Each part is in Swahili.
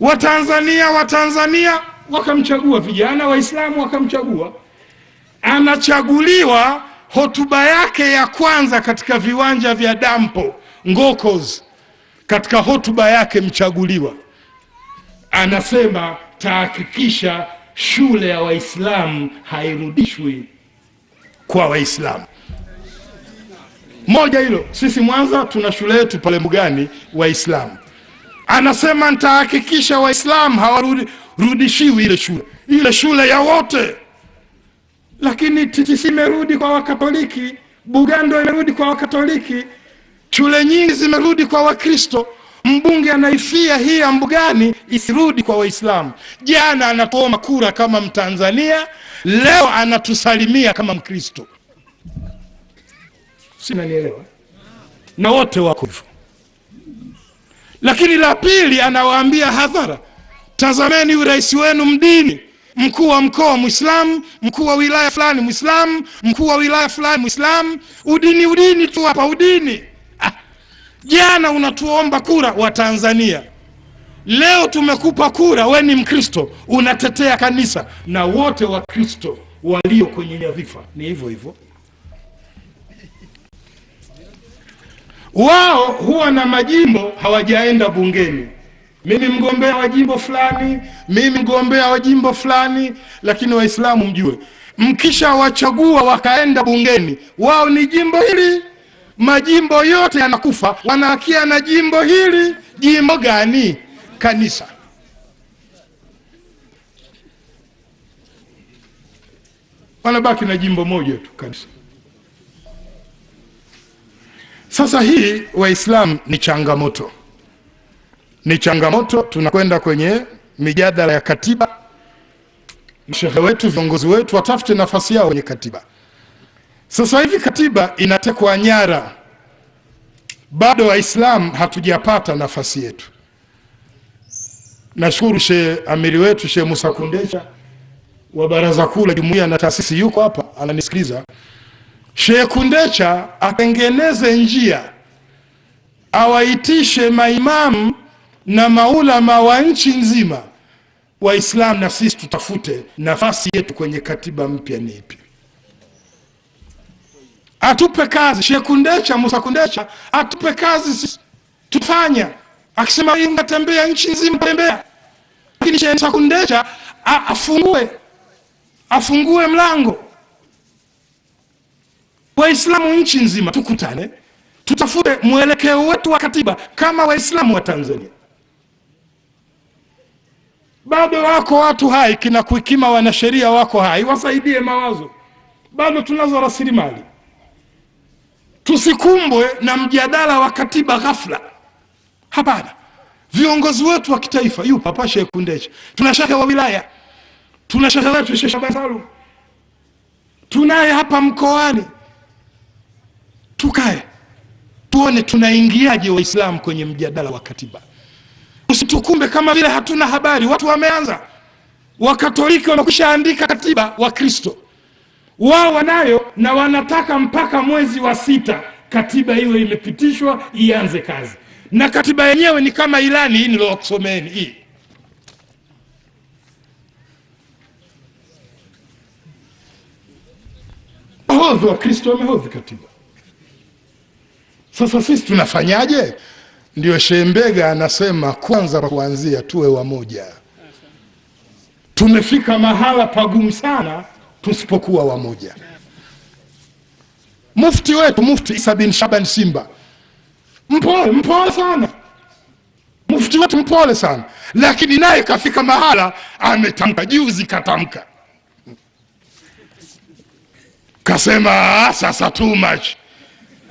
Watanzania Watanzania wakamchagua, vijana Waislamu wakamchagua. Anachaguliwa, hotuba yake ya kwanza katika viwanja vya dampo Ngokos, katika hotuba yake mchaguliwa anasema tahakikisha shule ya Waislamu hairudishwi kwa Waislamu. Moja hilo, sisi Mwanza tuna shule yetu pale Mbugani Waislamu anasema nitahakikisha Waislamu hawarudishiwi ile shule, ile shule ya wote. Lakini TTC imerudi kwa Wakatoliki, Bugando imerudi kwa Wakatoliki, shule nyingi zimerudi kwa Wakristo. Mbunge anaifia hii ya Mbugani isirudi kwa Waislamu. Jana anatuoma kura kama Mtanzania, leo anatusalimia kama Mkristo. Sinanielewa na wote wako hivyo. Lakini la pili, anawaambia hadhara, tazameni urais wenu mdini mkuu wa mkoa Mwislamu, mkuu wa wilaya fulani Mwislamu, mkuu wa wilaya fulani Mwislamu. Udini udini tu hapa udini. Ah, jana unatuomba kura wa Tanzania, leo tumekupa kura, we ni Mkristo unatetea kanisa na wote Wakristo walio kwenye nyadhifa ni hivyo hivyo. wao huwa na majimbo hawajaenda bungeni, mimi mgombea wa jimbo fulani, mimi mgombea wa jimbo fulani. Lakini Waislamu mjue, mkishawachagua wakaenda bungeni, wao ni jimbo hili, majimbo yote yanakufa, wanaakia na jimbo hili. Jimbo gani? Kanisa. Wanabaki na jimbo moja tu, kanisa. Sasa hii Waislamu ni changamoto, ni changamoto. Tunakwenda kwenye mijadala ya katiba, shehe wetu, viongozi wetu watafute nafasi yao kwenye katiba. Sasa hivi katiba inatekwa nyara, bado Waislamu hatujapata nafasi yetu. Nashukuru Shehe Amiri wetu Shehe Musa Kundesha wa Baraza Kuu la Jumuiya na Taasisi, yuko hapa ananisikiliza. Sheikh Kundecha atengeneze njia, awaitishe maimamu na maulama wa nchi nzima Waislamu, na sisi tutafute nafasi yetu kwenye katiba mpya ni ipi, atupe kazi Sheikh Kundecha, Musa Kundecha atupe kazi sisi tufanya Akisema ngatembea nchi nzima, tembea, lakini Sheikh Kundecha afungue afungue mlango Waislamu nchi nzima tukutane, tutafute mwelekeo wetu wa katiba kama Waislamu wa Tanzania. Bado wako watu hai, kina kuikima wanasheria wako hai, wasaidie mawazo. Bado tunazo rasilimali, tusikumbwe na mjadala wa katiba ghafla. Hapana, viongozi wetu wa kitaifa, yupo hapa tuna shehe wa wilaya, tuna shehe wetu Sheikh tunaye hapa mkoani tukae tuone tunaingiaje Waislamu kwenye mjadala wa katiba. Usitukumbe kama vile hatuna habari. Watu wameanza, Wakatoliki wamekwisha andika katiba, kristo wao wanayo, na wanataka mpaka mwezi wa sita katiba hiyo imepitishwa ianze kazi, na katiba yenyewe ni kama ilani hii nilowakusomeeni hii wahodhi wa Kristo wamehodhi katiba sasa sisi tunafanyaje? Ndio Shembega anasema kwanza, kwa kuanzia tuwe wamoja. Tumefika mahala pagumu sana tusipokuwa wamoja. Mufti wetu Mufti Isa bin Shaban Simba mpole, mpole sana mufti wetu mpole sana lakini naye kafika mahala ametamka, juzi katamka, kasema ah, sasa too much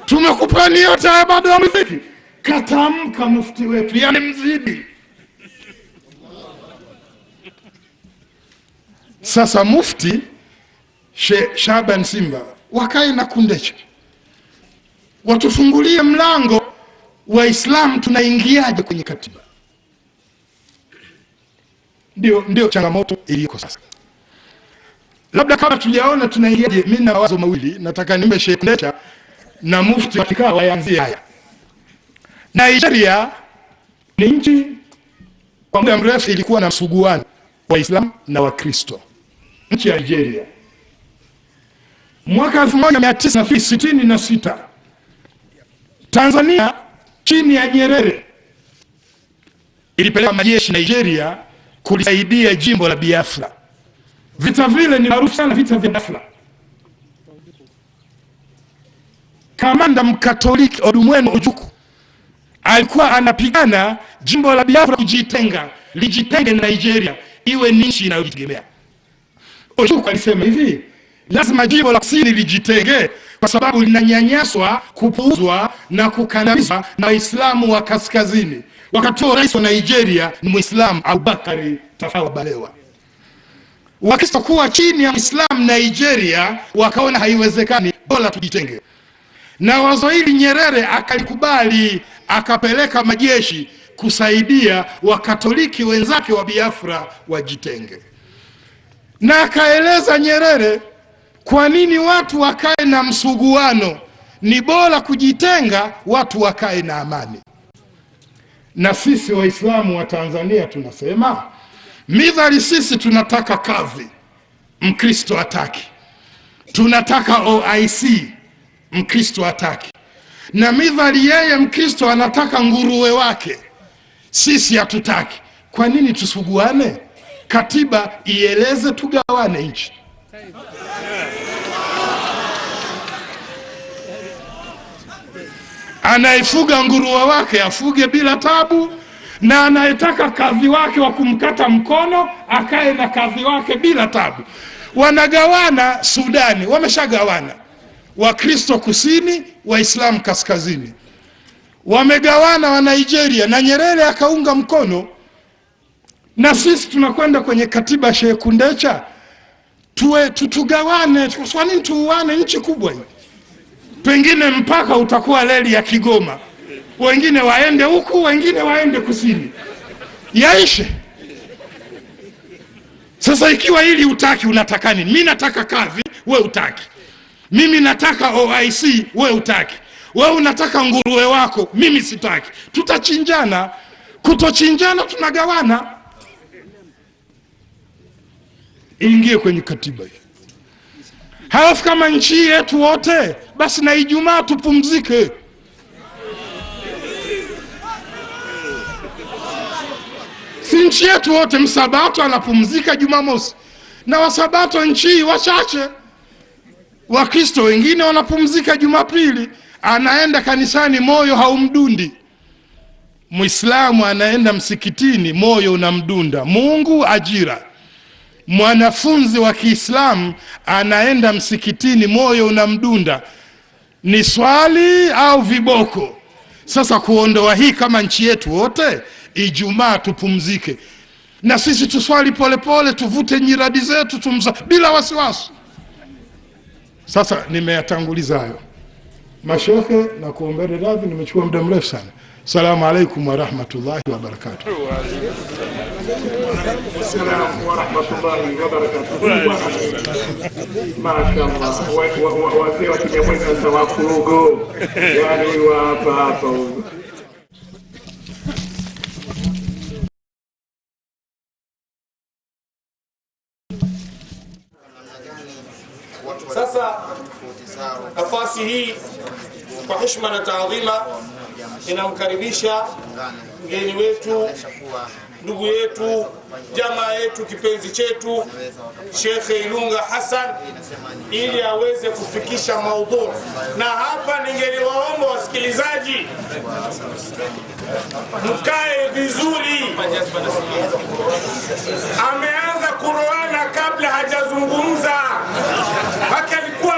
Tumekupeni yote haya, bado ya mziki katamka mufti wetu, yani mzidi. Sasa mufti she, Shaban Simba wakae na kundecha watufungulie mlango Waislamu tunaingiaje kwenye katiba? Ndio, ndio changamoto iliyoko sasa. Labda kama tujaona tunaingiaje, mi na wazo mawili nataka nimbe Sheikh Kundecha na mufti katika wayanzi haya. Nigeria ni nchi kwa muda mrefu ilikuwa na msuguano Islam na Wakristo. Nchi ya Nigeria mwaka 1966 Tanzania chini ya Nyerere ilipeleka majeshi Nigeria kulisaidia jimbo la Biafra. Vita vile ni maarufu sana, vita vya Biafra. kamanda mkatoliki Odumwenu Ujuku alikuwa anapigana jimbo la Biafra kujitenga, lijitenge na Nigeria iwe ni nchi inayojitegemea. Ojukwu alisema hivi, lazima jimbo la kusini lijitenge kwa sababu linanyanyaswa, kupuuzwa na kukandamizwa na Waislamu wa kaskazini. Wakati huo rais wa Nigeria ni Mwislamu Abubakari Tafawa Balewa. Wakistokuwa chini ya Mwislamu Nigeria wakaona haiwezekani, bora tujitenge na wazo hili Nyerere akalikubali, akapeleka majeshi kusaidia wakatoliki wenzake wa Biafra wajitenge. Na akaeleza Nyerere kwa nini watu wakae na msuguano, ni bora kujitenga, watu wakae na amani. Na sisi Waislamu wa Tanzania tunasema midhali sisi tunataka kavi, Mkristo hataki, tunataka OIC Mkristo hataki, na midhali yeye Mkristo anataka nguruwe wake, sisi hatutaki. Kwa nini tusuguane? Katiba ieleze tugawane nchi. Anayefuga nguruwe wake afuge bila tabu, na anayetaka kadhi wake wa kumkata mkono akae na kadhi wake bila tabu. Wanagawana Sudani, wameshagawana Wakristo kusini, Waislamu kaskazini, wamegawana wa Nigeria, na Nyerere akaunga mkono, na sisi tunakwenda kwenye katiba Sheikh Kundecha, tuwe tutugawane. Kwa nini tuuane? Nchi kubwa hii, pengine mpaka utakuwa reli ya Kigoma, wengine waende huku, wengine waende kusini, yaishe. Sasa ikiwa hili utaki, unataka nini? Mi nataka kazi, we utaki mimi nataka OIC, we utaki. We unataka nguruwe wako, mimi sitaki. Tutachinjana, kutochinjana tunagawana. ingie kwenye katiba hii. Halafu kama nchi yetu wote basi, na Ijumaa tupumzike. Si nchi yetu wote, msabato anapumzika Jumamosi, na wasabato nchi wachache Wakristo wengine wanapumzika Jumapili, anaenda kanisani, moyo haumdundi. Mwislamu anaenda msikitini, moyo unamdunda. Mungu ajira. Mwanafunzi wa Kiislamu anaenda msikitini, moyo unamdunda, ni swali au viboko? Sasa kuondoa hii, kama nchi yetu wote, Ijumaa tupumzike na sisi, tuswali polepole, tuvute nyiradi zetu, tumza bila wasiwasi sasa nimeyatanguliza hayo mashehe na kuombele radhi, nimechukua muda mrefu sana. salamu alaikum warahmatullahi wabarakatu Mashallah, wazee wa Kinyamwezi wa yani Nafasi hii kwa heshima na taadhima inamkaribisha mgeni wetu, ndugu yetu, jamaa yetu, kipenzi chetu Shekhe Ilunga hasan ili aweze kufikisha maudhur Na hapa ningeliwaomba wasikilizaji mkae vizuri, ameanza kuroana kabla hajazungumza, haki alikuwa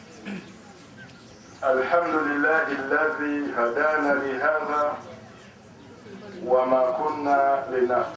الحمد لله الذي هدانا لهذا وما كنا لنهتدي